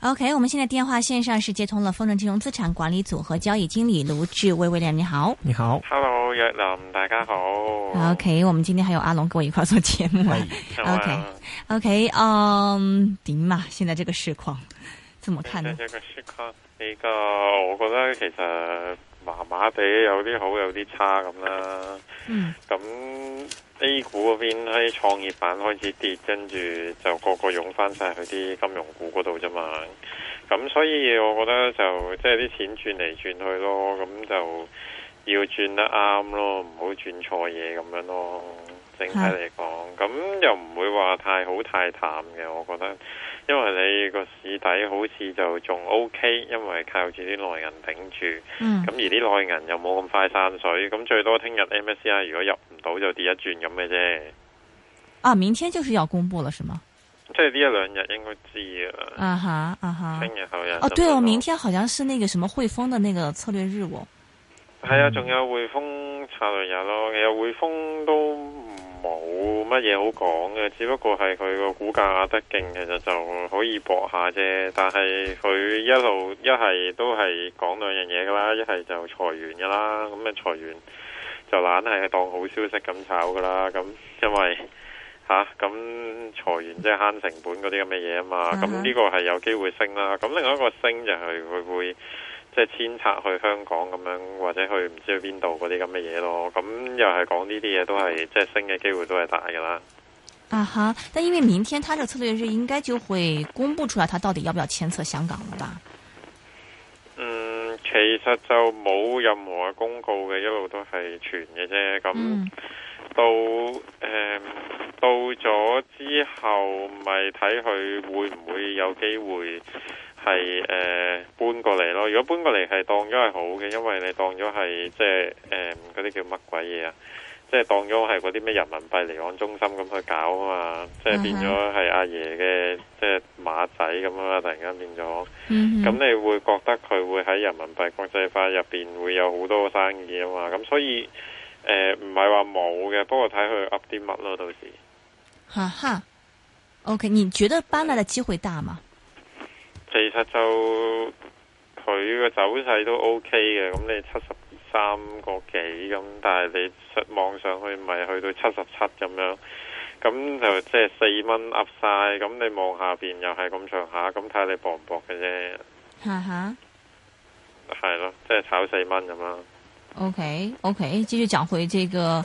OK，我們現在電話線上是接通了豐盛金融資產管理組合交易經理盧志威威廉，你好，你好，Hello，若琳，大家好。OK，我們今天還有阿龍跟我一塊做節目。OK，OK，嗯，點、okay, 嘛、okay, um, 啊，現在這個市況，怎麼看呢？現在這個市況，呢、這個我覺得其實麻麻哋，有啲好，有啲差咁啦、啊。嗯。咁、嗯。A 股嗰邊喺創業板開始跌，跟住就個個湧翻晒去啲金融股嗰度啫嘛。咁所以我覺得就即係啲錢轉嚟轉去咯，咁就要轉得啱咯，唔好轉錯嘢咁樣咯。整體嚟講，咁、啊、又唔會話太好太淡嘅，我覺得，因為你個市底好似就仲 OK，因為靠住啲內銀頂住，咁、嗯、而啲內銀又冇咁快散水，咁最多聽日 MSCI 如果入唔到就跌一轉咁嘅啫。啊，明天就是要公布了，是嗎？即係呢一兩日應該知啊。啊哈，啊哈。聽日後日。哦、啊，對哦、啊，明天好像是那個什麼匯豐的那個策略日哦。係、嗯、啊，仲有匯豐策略日咯，又匯豐都。冇乜嘢好講嘅，只不過係佢個股價得勁，其實就可以博下啫。但係佢一路一係都係講兩樣嘢噶啦，一係就裁員噶啦。咁啊裁員就懶係當好消息咁炒噶啦。咁因為吓咁、啊、裁員即係慳成本嗰啲咁嘅嘢啊嘛。咁、嗯、呢、這個係有機會升啦。咁另外一個升就係佢會。會。即係遷冊去香港咁樣，或者去唔知去邊度嗰啲咁嘅嘢咯。咁又係講呢啲嘢都係，即係升嘅機會都係大噶啦。啊哈！但因為明天他個策略日應該就會公布出來，他到底要不要遷冊香港啦？嗯，其實就冇任何公告嘅，一路都係傳嘅啫。咁到誒、嗯嗯、到咗之後，咪睇佢會唔會有機會。係誒、呃、搬過嚟咯，如果搬過嚟係當咗係好嘅，因為你當咗係即係誒嗰啲叫乜鬼嘢啊即係當咗係嗰啲咩人民幣離岸中心咁去搞啊嘛，即係變咗係阿爺嘅即係馬仔咁啊嘛，突然間變咗，咁、嗯、你會覺得佢會喺人民幣國際化入邊會有好多生意啊嘛，咁所以誒唔係話冇嘅，不過睇佢 up 啲乜咯，到時哈哈，OK，你覺得搬嚟嘅機會大嗎？其實就佢嘅走勢都 OK 嘅，咁你七十三個幾咁，但係你望上去咪去到七十七咁樣，咁就即係四蚊 up 晒，咁你望下邊又係咁上下，咁睇下你搏唔搏嘅啫。哈哈，係咯，即係炒四蚊咁啦。OK，OK，繼續講回這個。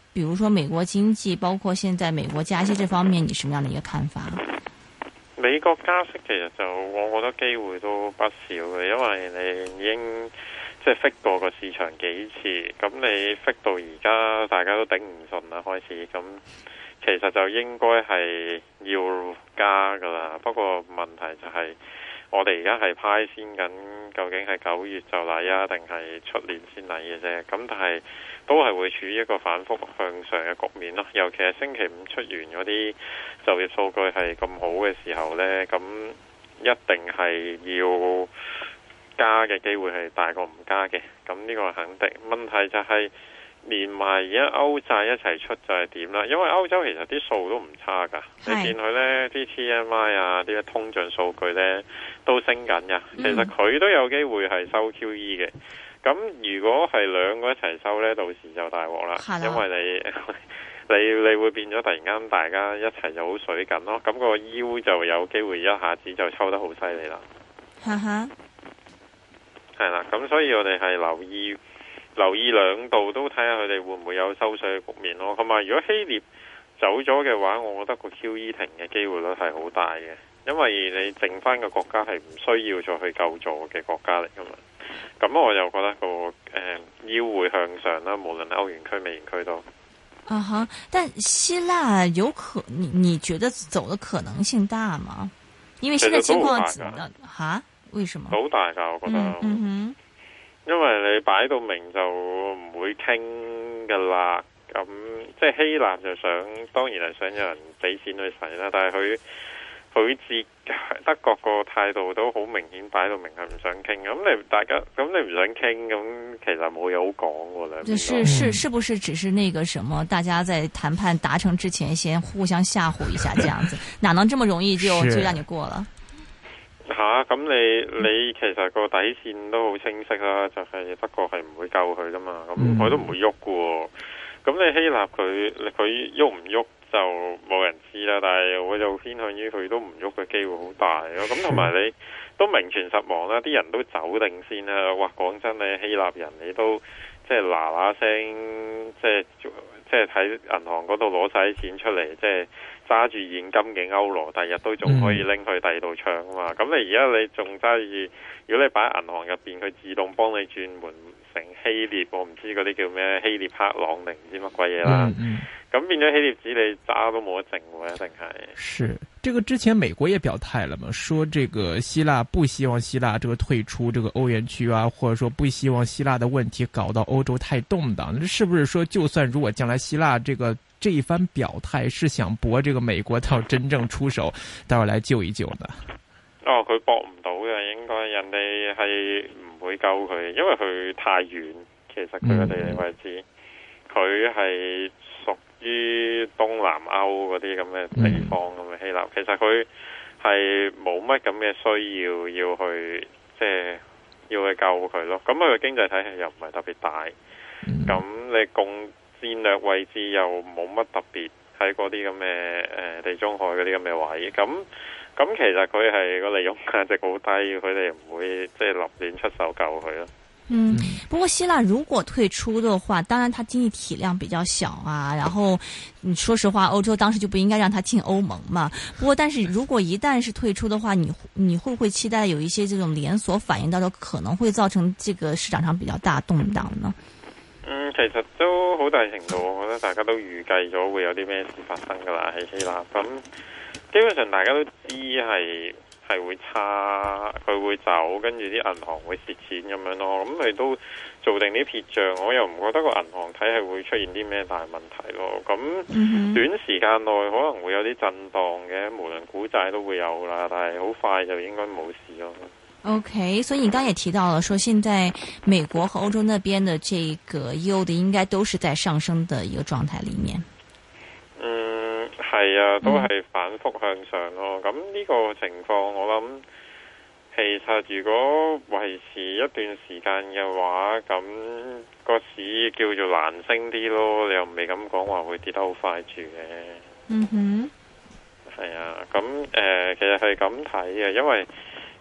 比如說美國經濟，包括現在美國加息這方面，你什麼樣的一個看法？美國加息其實就我覺得機會都不少嘅，因為你已經即係息過個市場幾次，咁你息到而家大家都頂唔順啦，開始咁，其實就應該係要加㗎啦。不過問題就係我哋而家係派先緊。究竟係九月就嚟啊，定係出年先嚟嘅啫？咁但係都係會處於一個反復向上嘅局面咯，啊。尤其係星期五出完嗰啲就業數據係咁好嘅時候呢，咁一定係要加嘅機會係大過唔加嘅。咁呢個係肯定。問題就係是。連埋而家歐債一齊出就係點啦，因為歐洲其實啲數都唔差噶，你見佢呢啲 TMI 啊，啲通脹數據呢，都升緊噶、嗯，其實佢都有機會係收 QE 嘅。咁如果係兩個一齊收呢，到時就大鑊啦，因為你你你會變咗突然間大家一齊就好水緊咯，咁、那個 U 就有機會一下子就抽得好犀利啦。係係啦，咁所以我哋係留意。留意兩度都睇下佢哋會唔會有收水嘅局面咯，同埋如果希臘走咗嘅話，我覺得個 QE 停嘅機會率係好大嘅，因為你剩翻個國家係唔需要再去救助嘅國家嚟噶嘛。咁我又覺得、那個誒、嗯、腰會向上啦，無論歐元區、美元區都。啊哈！但希臘有可，你你覺得走嘅可能性大嗎？因為現在情況子啊，為什麼？好大噶，我覺得。嗯,嗯哼。因為你擺到明就唔會傾噶啦，咁即係希臘就想，當然係想有人俾錢去使啦。但係佢佢自德國個態度都好明顯，擺到明係唔想傾咁。那你大家咁你唔想傾咁，其實冇嘢好講噶啦。是是是不是只是那個什麼，大家在談判達成之前先互相嚇唬一下，這樣子， 哪能這麼容易就就讓你過了？吓、啊、咁你你其實個底線都好清晰啦，就係、是、不過係唔會救佢噶嘛，咁佢都唔會喐喎、哦。咁你希臘佢佢喐唔喐就冇人知啦。但係我就偏向於佢都唔喐嘅機會好大咯。咁同埋你都名存實亡啦，啲人都走定先啦。哇，講真你希臘人你都即係嗱嗱聲，即係即係喺銀行嗰度攞晒啲錢出嚟，即係。揸住現金嘅歐羅，第日都仲可以拎去第二度唱啊嘛！咁、嗯、你而家你仲揸住，如果你擺喺銀行入邊，佢自動幫你轉換成希臘，我唔知嗰啲叫咩希臘拍朗定唔知乜鬼嘢啦。咁、嗯嗯、變咗希臘紙，你揸都冇得剩喎，一定係。是，這個之前美國也表態了嘛，說這個希臘不希望希臘這個退出這個歐元區啊，或者說不希望希臘的問題搞到歐洲太動盪。那是不是說，就算如果將來希臘這個？這一番表態是想博這個美國到真正出手，待到嚟救一救呢？哦，佢博唔到嘅，應該人哋係唔會救佢，因為佢太遠。其實佢嘅地理位置，佢、嗯、係屬於東南歐嗰啲咁嘅地方咁嘅希臘。其實佢係冇乜咁嘅需要要去，即係要去救佢咯。咁佢嘅經濟體系又唔係特別大，咁、嗯、你共。戰略位置又冇乜特別，喺嗰啲咁嘅誒地中海嗰啲咁嘅位，咁咁其實佢係個利用價值好低，佢哋唔會即係立亂出手救佢咯。嗯，不過希臘如果退出的話，當然佢經濟體量比較小啊。然後你說實話，歐洲當時就不應該讓他進歐盟嘛。不過但是如果一旦是退出的話，你你會唔會期待有一些這種連鎖反應到，到時候可能會造成這個市場上比較大動蕩呢？嗯，其實都好大程度，我覺得大家都預計咗會有啲咩事發生噶啦喺希臘，咁基本上大家都知係係會差，佢會走，跟住啲銀行會蝕錢咁樣咯。咁佢都做定啲撇賬，我又唔覺得個銀行體系會出現啲咩大問題咯。咁短時間內可能會有啲震盪嘅，無論股債都會有啦，但係好快就應該冇事咯。O、okay, K，所以你剛才也提到了，說現在美國和歐洲那邊的這個 EU 的應該都是在上升的一個狀態裏面。嗯，係啊，都係反覆向上咯。咁呢個情況我諗，其實如果維持一段時間嘅話，咁、那個市叫做難升啲咯。你又唔係咁講話會跌得好快住嘅。嗯哼。係啊，咁、嗯、誒、呃，其實係咁睇嘅，因為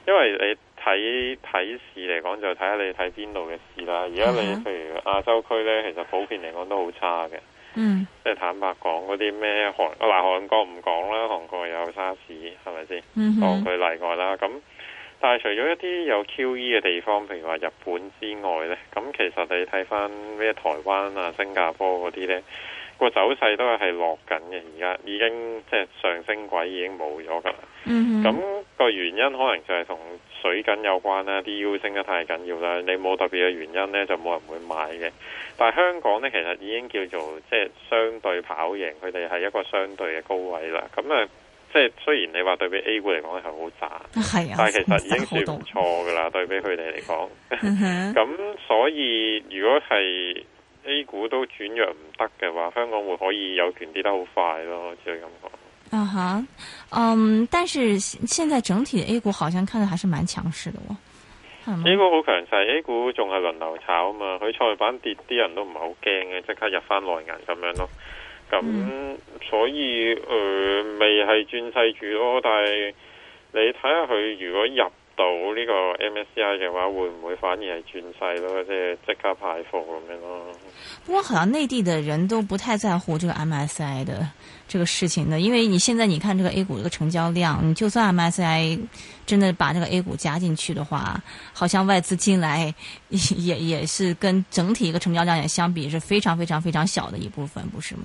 因為你。睇睇市嚟講就睇下你睇邊度嘅市啦。而家你譬、uh-huh. 如亞洲區呢，其實普遍嚟講都好差嘅。嗯，即係坦白講嗰啲咩韓，嗱韓國唔講啦，韓國有沙士係咪先？嗯，當佢例外啦。咁但係除咗一啲有 QE 嘅地方，譬如話日本之外呢，咁其實你睇翻咩台灣啊、新加坡嗰啲呢，個走勢都係落緊嘅。而家已經即係上升軌已經冇咗噶啦。嗯，咁、個原因可能就係同水緊有關啦，啲腰升得太緊要啦，你冇特別嘅原因咧，就冇人會買嘅。但係香港咧，其實已經叫做即係相對跑贏，佢哋係一個相對嘅高位啦。咁啊，即係雖然你話對比 A 股嚟講係好渣，係啊，但係其實已經算唔錯噶啦，對比佢哋嚟講。咁、嗯、 所以如果係 A 股都轉弱唔得嘅話，香港會可以有權跌得好快咯，只係咁講。啊哈，嗯，但是現在整體的 A 股好像看得還是蠻強勢的。A 股好強勢，A 股仲係輪流炒啊嘛，佢創業板跌，啲人都唔係好驚嘅，即刻入翻內銀咁樣咯。咁、嗯嗯、所以誒、呃、未係轉勢住咯，但係你睇下佢如果入。到、這、呢個 MSCI 嘅話，會唔會反而係轉細咯？即係即刻派貨咁樣咯。不過，好像內地的人都不太在乎這個 MSCI 的這個事情的，因為你現在你看這個 A 股一個成交量，你就算 MSCI 真的把這個 A 股加進去的話，好像外資進來也也是跟整體一個成交量也相比是非常非常非常小的一部分，不是嗎？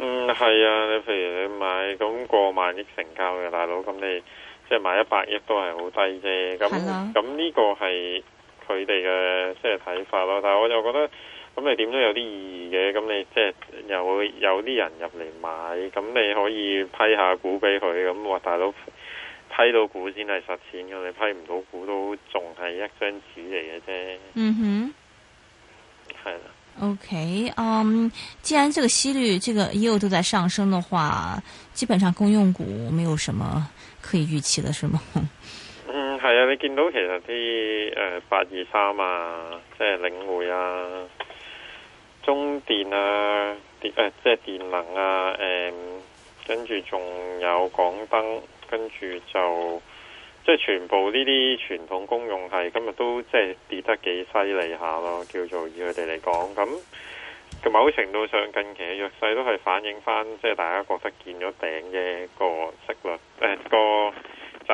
嗯，係啊。你譬如你買咁過萬億成交嘅大佬，咁你。即係買一百億都係好低啫，咁咁呢個係佢哋嘅，即係睇法咯。但係我就覺得咁你點都有啲意義嘅。咁你即係有有啲人入嚟買，咁你可以批下股俾佢。咁話大佬批到股先係實錢嘅，你批唔到股都仲係一張紙嚟嘅啫。嗯哼，係啦。OK，嗯，既然這個息率、這個又都在上升的話，基本上公用股沒有什麼。可以預期的，是嗎？嗯，係啊，你見到其實啲誒八二三啊，即係領匯啊，中電啊，啲誒、呃、即係電能啊，誒、嗯，跟住仲有港燈，跟住就即係全部呢啲傳統公用係今日都即係跌得幾犀利下咯，叫做以佢哋嚟講咁。某程度上，近期嘅弱勢都係反映翻，即係大家覺得見咗頂嘅個息率，誒、呃、個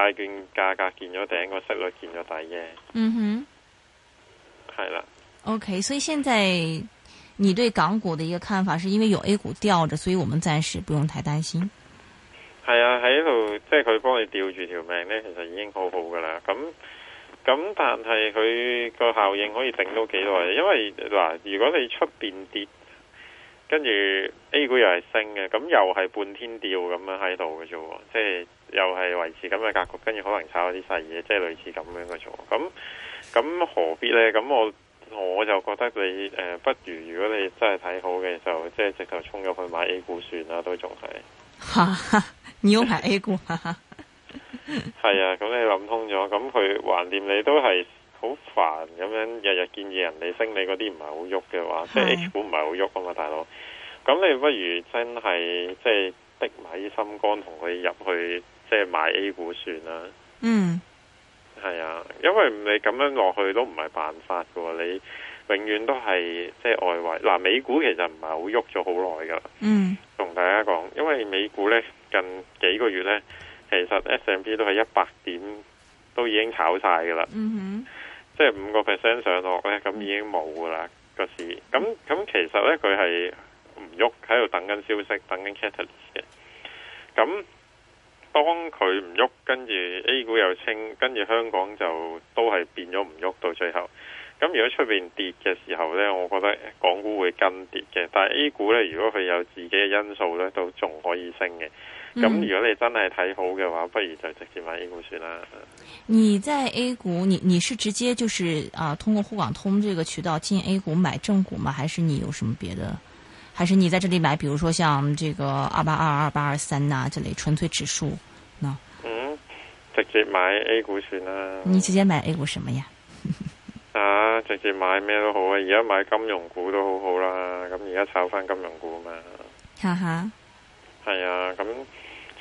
債券價格見咗頂，個息率見咗底嘅。嗯哼，係啦。OK，所以現在你對港股嘅一個看法，是因為有 A 股吊着，所以我們暫時不用太擔心。係啊，喺呢度即係佢幫你吊住條命咧，其實已經很好好噶啦。咁、嗯。咁但係佢個效應可以頂到幾耐？因為嗱，如果你出邊跌，跟住 A 股又係升嘅，咁又係半天吊咁樣喺度嘅啫，即係又係維持咁嘅格局，跟住可能炒啲細嘢，即係類似咁樣嘅啫。咁咁何必呢？咁我我就覺得你誒、呃，不如如果你真係睇好嘅，就即係直頭衝入去買 A 股算啦，都仲係。哈哈，你要買 A 股？哈哈。係 啊，咁你諗通咗，咁佢橫掂你都係好煩咁樣，日日建議人哋升你升，你嗰啲唔係好喐嘅話，即係 h 股唔係好喐啊嘛，大佬。咁你不如真係即係逼埋啲心肝，同佢入去即係買 A 股算啦。嗯，係啊，因為你咁樣落去都唔係辦法噶，你永遠都係即係外圍嗱、啊，美股其實唔係好喐咗好耐噶，嗯，同大家講，因為美股呢近幾個月呢。其實 S&P 都係一百點都已經炒晒噶啦，即係五個 percent 上落咧，咁已經冇噶啦個市。咁咁其實咧佢係唔喐，喺度等緊消息，等緊 catalyst 嘅。咁當佢唔喐，跟住 A 股又清，跟住香港就都係變咗唔喐。到最後，咁如果出邊跌嘅時候咧，我覺得港股會跟跌嘅。但係 A 股咧，如果佢有自己嘅因素咧，都仲可以升嘅。咁、嗯、如果你真係睇好嘅話，不如就直接買 A 股算啦。你在 A 股，你你是直接就是啊，通過滬港通這個渠道進 A 股買正股嗎？還是你有什麼別的？還是你在這裏買，比如說像這個二八二二八二三呐這類純粹指數呢、no? 嗯，直接買 A 股算啦。你直接買 A 股什麼呀？ 啊，直接買咩都好啊，而家買金融股都好好、啊、啦。咁而家炒翻金融股嘛。哈哈。係啊，咁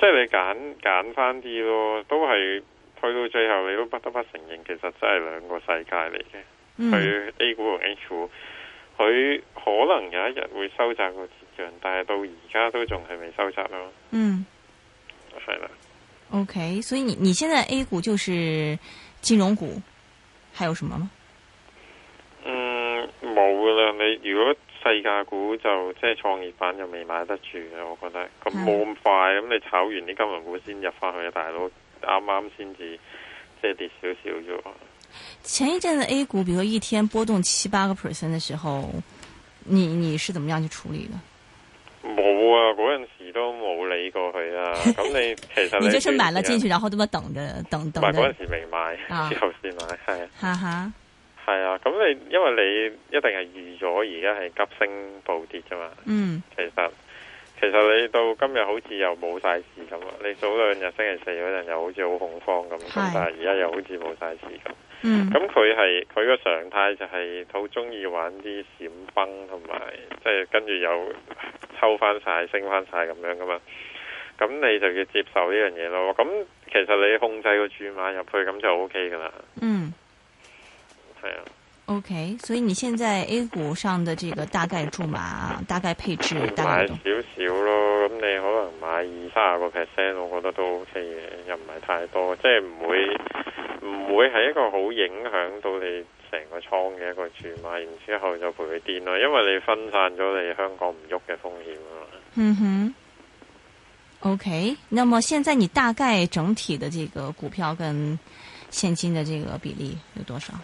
即係你揀揀翻啲咯，都係去到最後，你都不得不承認，其實真係兩個世界嚟嘅。佢、嗯、A 股同 H 股，佢可能有一日會收窄個折讓，但係到而家都仲係未收窄咯。嗯，係啦、啊。OK，所以你你現在 A 股就是金融股，還有什麼嗎？嗯，冇啦。你如果。世界股就即係創業板就未買得住嘅，我覺得咁冇咁快，咁你炒完啲金融股先入翻去啊，大佬啱啱先至即係跌少少啫。前一陣子 A 股，比如一天波動七八個 percent 嘅時候，你你是怎麼樣去處理嘅？冇啊，嗰陣時都冇理過去啊。咁你 其實你， 你就算買咗，進去，然後都咁樣等着，等等。唔係嗰陣時未買，啊，之後先買，係。哈哈。係啊，咁你因為你一定係預咗而家係急升暴跌啫嘛。嗯，其實其實你到今日好似又冇晒事咁啊！你早兩日星期四嗰陣又好似好恐慌咁，但係而家又好似冇晒事咁。咁佢係佢個常態就係好中意玩啲閃崩同埋，即係跟住又抽翻晒、升翻晒咁樣噶嘛。咁你就要接受呢樣嘢咯。咁其實你控制個注碼入去咁就 OK 噶啦。嗯。係啊，OK，所以你現在 A 股上的這個大概注碼大概配置大買少少咯，咁你可能買二三十個 percent，我覺得都 OK 嘅，又唔係太多，即係唔會唔會係一個好影響到你成個倉嘅一個注碼，然之後就陪佢癲咯，因為你分散咗你香港唔喐嘅風險啊。嗯哼，OK，那麼現在你大概整體的這個股票跟現金的這個比例有多少？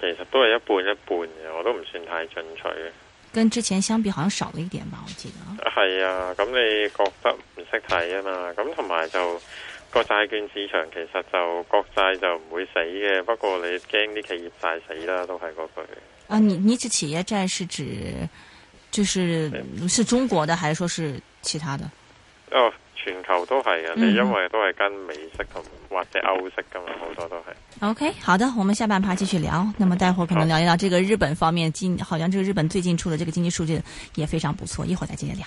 其實都係一半一半嘅，我都唔算太進取嘅。跟之前相比，好像少了一點吧？我記得。係啊，咁、嗯、你覺得唔識睇啊嘛？咁同埋就個債券市場其實就國債就唔會死嘅，不過你驚啲企業債死啦，都係嗰句。啊，你你指企業債是指，就是是中國的，還是說是其他的？嗯、哦。全球都係嘅，你因為都係跟美式同或者歐式噶嘛，好多都係。OK，好的，我們下半 part 繼續聊。那麼，待會可能聊一聊這個日本方面，今好像這個日本最近出的這個經濟數據也非常不錯，一會再接着聊。